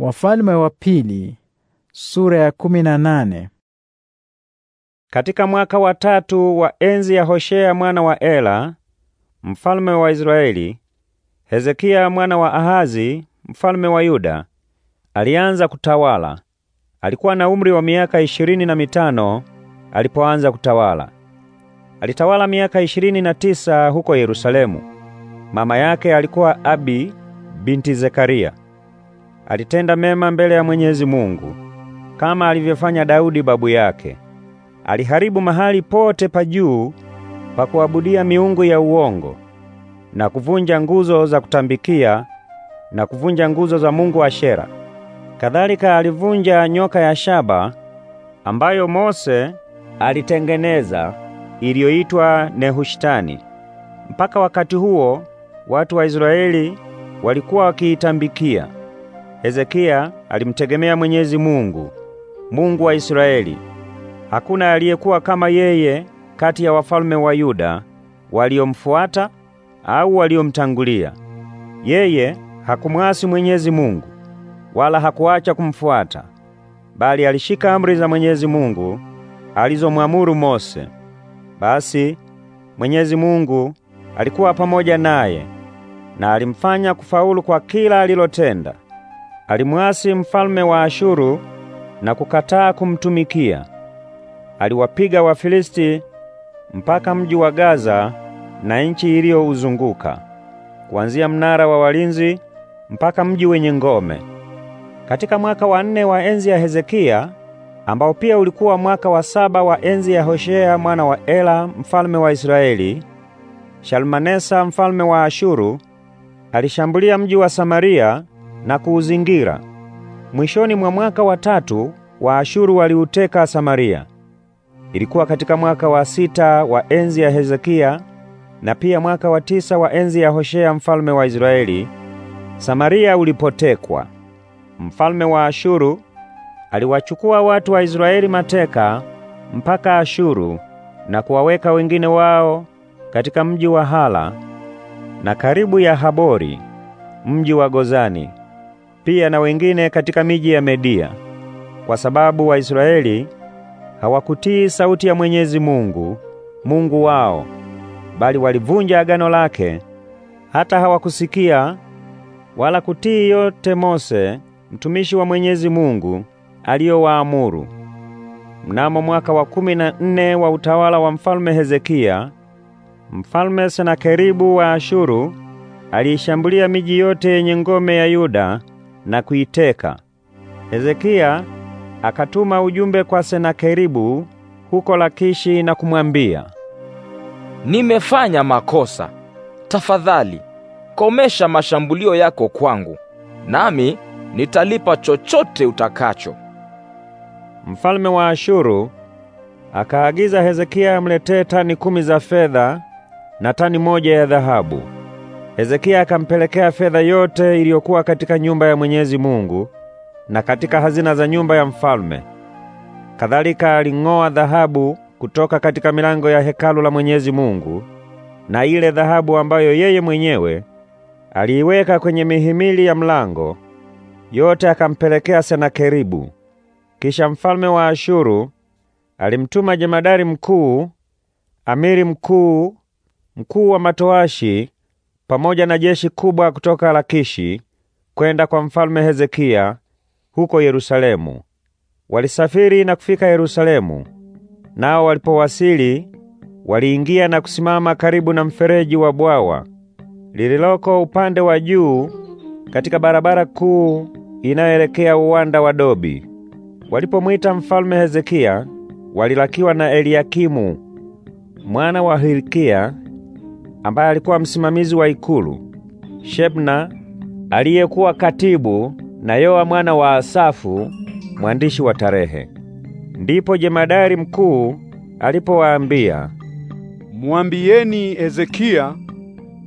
Wafalme wa pili, sura ya kumi na nane. Katika mwaka wa tatu wa enzi ya Hoshea mwana wa Ela, mfalme wa Israeli, Hezekia mwana wa Ahazi, mfalme wa Yuda, alianza kutawala. Alikuwa na umri wa miaka ishirini na mitano alipoanza kutawala. Alitawala miaka ishirini na tisa huko Yerusalemu. Mama yake alikuwa Abi binti Zekaria. Alitenda mema mbele ya Mwenyezi Mungu kama alivyofanya Daudi babu yake. Aliharibu mahali pote pa juu pa kuabudia miungu ya uongo na kuvunja nguzo za kutambikia na kuvunja nguzo za Mungu Shera. Kadhalika alivunja nyoka ya shaba ambayo Mose alitengeneza iliyoitwa Nehushitani. Mpaka wakati huo watu wa Israeli walikuwa wakiitambikia. Hezekia alimtegemea Mwenyezi Mungu, Mungu wa Israeli. Hakuna aliyekuwa kama yeye kati ya wafalme wa Yuda waliomfuata au waliomtangulia. Yeye hakumwasi Mwenyezi Mungu wala hakuacha kumfuata, bali alishika amri za Mwenyezi Mungu alizomwamuru Mose. Basi Mwenyezi Mungu alikuwa pamoja naye na alimfanya kufaulu kwa kila alilotenda. Alimwasi mfalme wa Ashuru na kukataa kumtumikia. Aliwapiga Wafilisti mpaka mji wa Gaza na nchi iliyouzunguka, kuanzia mnara wa walinzi mpaka mji wenye ngome. Katika mwaka wa nne wa enzi ya Hezekia, ambao pia ulikuwa mwaka wa saba wa enzi ya Hoshea mwana wa Ela mfalme wa Israeli, Shalmanesa mfalme wa Ashuru alishambulia mji wa Samaria na kuuzingira. Mwishoni mwa mwaka wa tatu wa ashuru waliuteka Samaria. Ilikuwa katika mwaka wa sita wa enzi ya Hezekia na pia mwaka wa tisa wa enzi ya Hoshea mfalme wa Israeli. Samaria ulipotekwa, mfalme wa Ashuru aliwachukua watu wa Israeli mateka mpaka Ashuru na kuwaweka wengine wao katika mji wa Hala na karibu ya Habori, mji wa Gozani pia na wengine katika miji ya Media, kwa sababu Waisraeli hawakutii sauti ya Mwenyezi Mungu, Mungu wao, bali walivunja agano lake, hata hawakusikia wala kutii yote Mose mtumishi wa Mwenyezi Mungu aliyowaamuru. Mnamo mwaka wa kumi na nne wa utawala wa mfalme Hezekia, mfalme Senakeribu wa Ashuru aliishambulia miji yote yenye ngome ya Yuda na kuiteka. Hezekia akatuma ujumbe kwa Senakeribu huko Lakishi na kumwambia, nimefanya makosa, tafadhali komesha mashambulio yako kwangu, nami nitalipa chochote utakacho. Mfalme wa Ashuru akaagiza Hezekia amletee tani kumi za fedha na tani moja ya dhahabu. Hezekia akampelekea fedha yote iliyokuwa katika nyumba ya Mwenyezi Mungu na katika hazina za nyumba ya mfalme. Kadhalika aling'oa dhahabu kutoka katika milango ya hekalu la Mwenyezi Mungu, na ile dhahabu ambayo yeye mwenyewe aliiweka kwenye mihimili ya mlango yote akampelekea Senakeribu. Kisha mfalme wa Ashuru alimtuma jemadari mkuu, amiri mkuu, mkuu wa matoashi pamoja na jeshi kubwa kutoka Lakishi kwenda kwa mfalme Hezekia huko Yerusalemu. Walisafiri na kufika Yerusalemu. Nao walipowasili waliingia na kusimama karibu na mfereji wa bwawa lililoko upande wa juu katika barabara kuu inayoelekea uwanda wa Dobi. Walipomwita mfalme Hezekia, walilakiwa na Eliakimu mwana wa Hilkia ambaye alikuwa msimamizi wa ikulu, Shebna aliyekuwa katibu na Yoa mwana wa Asafu mwandishi wa tarehe. Ndipo jemadari mkuu alipowaambia, Mwambieni Ezekia,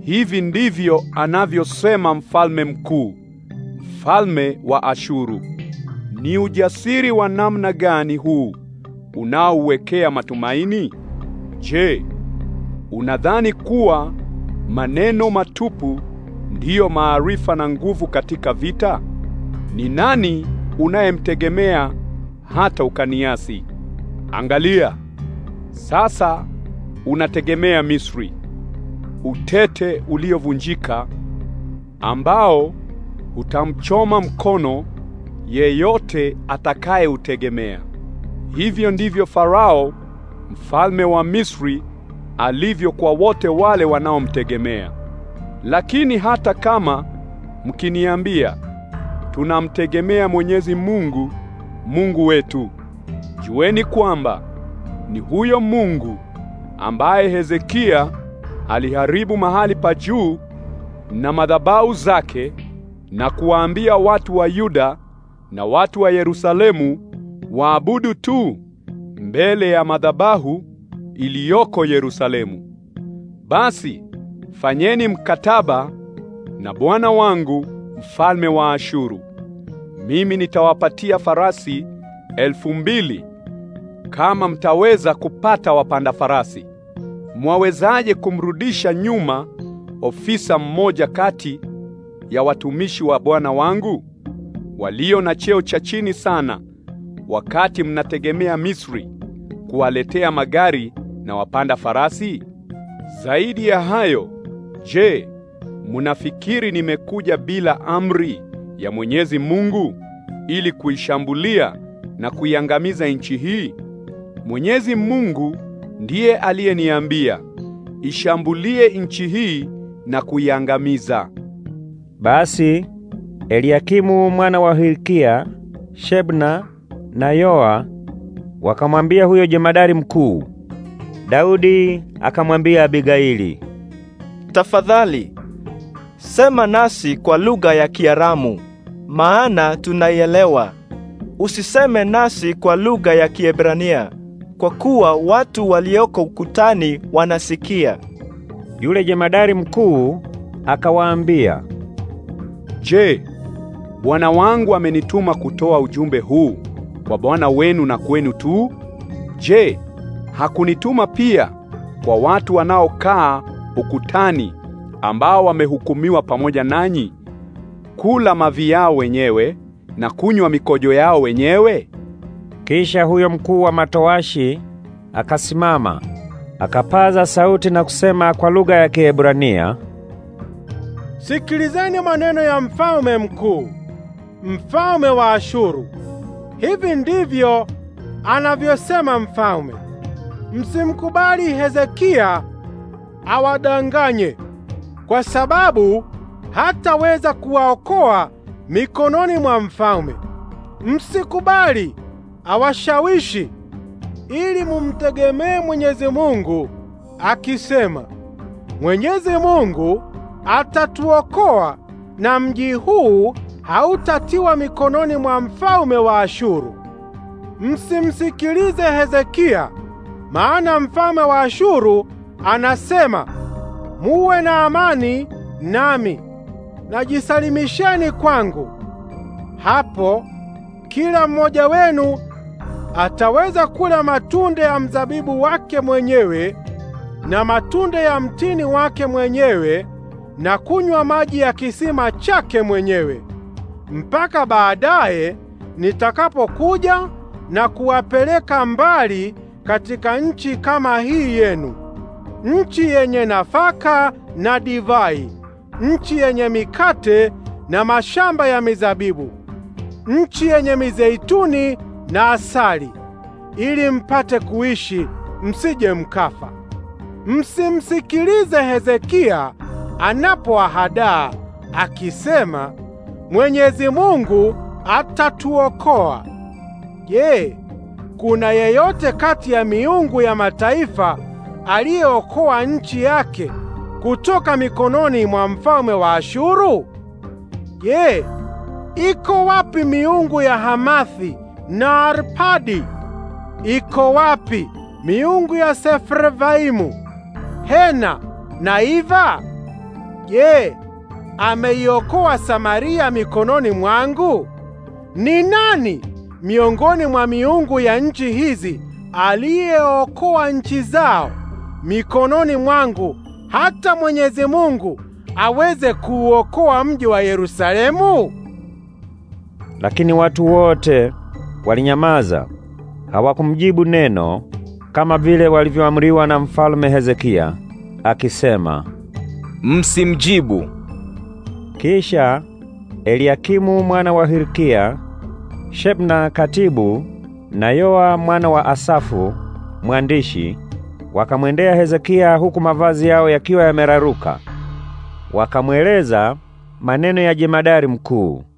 hivi ndivyo anavyosema mfalme mkuu, mfalme wa Ashuru. Ni ujasiri wa namna gani huu unaouwekea matumaini? Je, Unadhani kuwa maneno matupu ndiyo maarifa na nguvu katika vita? Ni nani unayemtegemea hata ukaniasi? Angalia, sasa unategemea Misri, utete uliovunjika ambao utamchoma mkono yeyote atakayeutegemea. Hivyo ndivyo Farao mfalme wa Misri alivyo kwa wote wale wanaomtegemea. Lakini hata kama mkiniambia tunamtegemea Mwenyezi Mungu, Mungu wetu, jueni kwamba ni huyo Mungu ambaye Hezekia aliharibu mahali pa juu na madhabahu zake na kuwaambia watu wa Yuda na watu wa Yerusalemu waabudu tu mbele ya madhabahu iliyoko Yerusalemu. Basi fanyeni mkataba na bwana wangu mfalme wa Ashuru. Mimi nitawapatia farasi elfu mbili kama mtaweza kupata wapanda farasi. Mwawezaje kumrudisha nyuma ofisa mmoja kati ya watumishi wa bwana wangu walio na cheo cha chini sana, wakati mnategemea Misri kuwaletea magari na wapanda farasi? Zaidi ya hayo, je, munafikiri nimekuja bila amri ya Mwenyezi Mungu ili kuishambulia na kuiangamiza nchi hii? Mwenyezi Mungu ndiye aliyeniambia, ishambulie nchi hii na kuiangamiza. Basi Eliakimu mwana wa Hilkia, Shebna na Yoa wakamwambia huyo jemadari mkuu Daudi akamwambia Abigaili, tafadhali sema nasi kwa lugha ya Kiaramu, maana tunaielewa. Usiseme nasi kwa lugha ya Kiebrania, kwa kuwa watu walioko ukutani wanasikia. Yule jemadari mkuu akawaambia, Je, bwana wangu amenituma kutoa ujumbe huu kwa bwana wenu na kwenu tu? Je, hakunituma pia kwa watu wanaokaa ukutani ambao wamehukumiwa pamoja nanyi kula mavi yao wenyewe na kunywa mikojo yao wenyewe? Kisha huyo mkuu wa matowashi akasimama, akapaza sauti na kusema kwa lugha ya Kiebrania, Sikilizeni maneno ya mfalme mkuu, mfalme wa Ashuru. Hivi ndivyo anavyosema mfalme: Msimkubali Hezekia awadanganye, kwa sababu hataweza kuwaokoa mikononi mwa mfalme. Msikubali awashawishi ili mumtegemee Mwenyezi Mungu akisema, Mwenyezi Mungu atatuokoa na mji huu hautatiwa mikononi mwa mfalme wa Ashuru. Msimsikilize Hezekia maana mfalme wa Ashuru anasema, muwe na amani nami, najisalimisheni kwangu. Hapo kila mmoja wenu ataweza kula matunda ya mzabibu wake mwenyewe na matunda ya mtini wake mwenyewe na kunywa maji ya kisima chake mwenyewe mpaka baadaye nitakapokuja na kuwapeleka mbali katika nchi kama hii yenu, nchi yenye nafaka na divai, nchi yenye mikate na mashamba ya mizabibu, nchi yenye mizeituni na asali, ili mpate kuishi, msije mkafa. Msimsikilize Hezekia anapoahadaa akisema, Mwenyezi Mungu atatuokoa. Je, kuna yeyote kati ya miungu ya mataifa aliyeokoa nchi yake kutoka mikononi mwa mfalme wa Ashuru? Je, iko wapi miungu ya Hamathi na Arpadi? Iko wapi miungu ya Sefervaimu, Hena na Iva? Je, ameiokoa Samaria mikononi mwangu? Ni nani miongoni mwa miungu ya nchi hizi aliyeokoa nchi zao mikononi mwangu hata Mwenyezi Mungu aweze kuuokoa mji wa Yerusalemu? Lakini watu wote walinyamaza, hawakumjibu neno, kama vile walivyoamriwa na mfalme Hezekia akisema, msimjibu. Kisha Eliakimu mwana wa Hilkia Shebna katibu na Yoa mwana wa Asafu mwandishi wakamwendea Hezekia huku mavazi yao yakiwa yameraruka, wakamweleza maneno ya jemadari mkuu.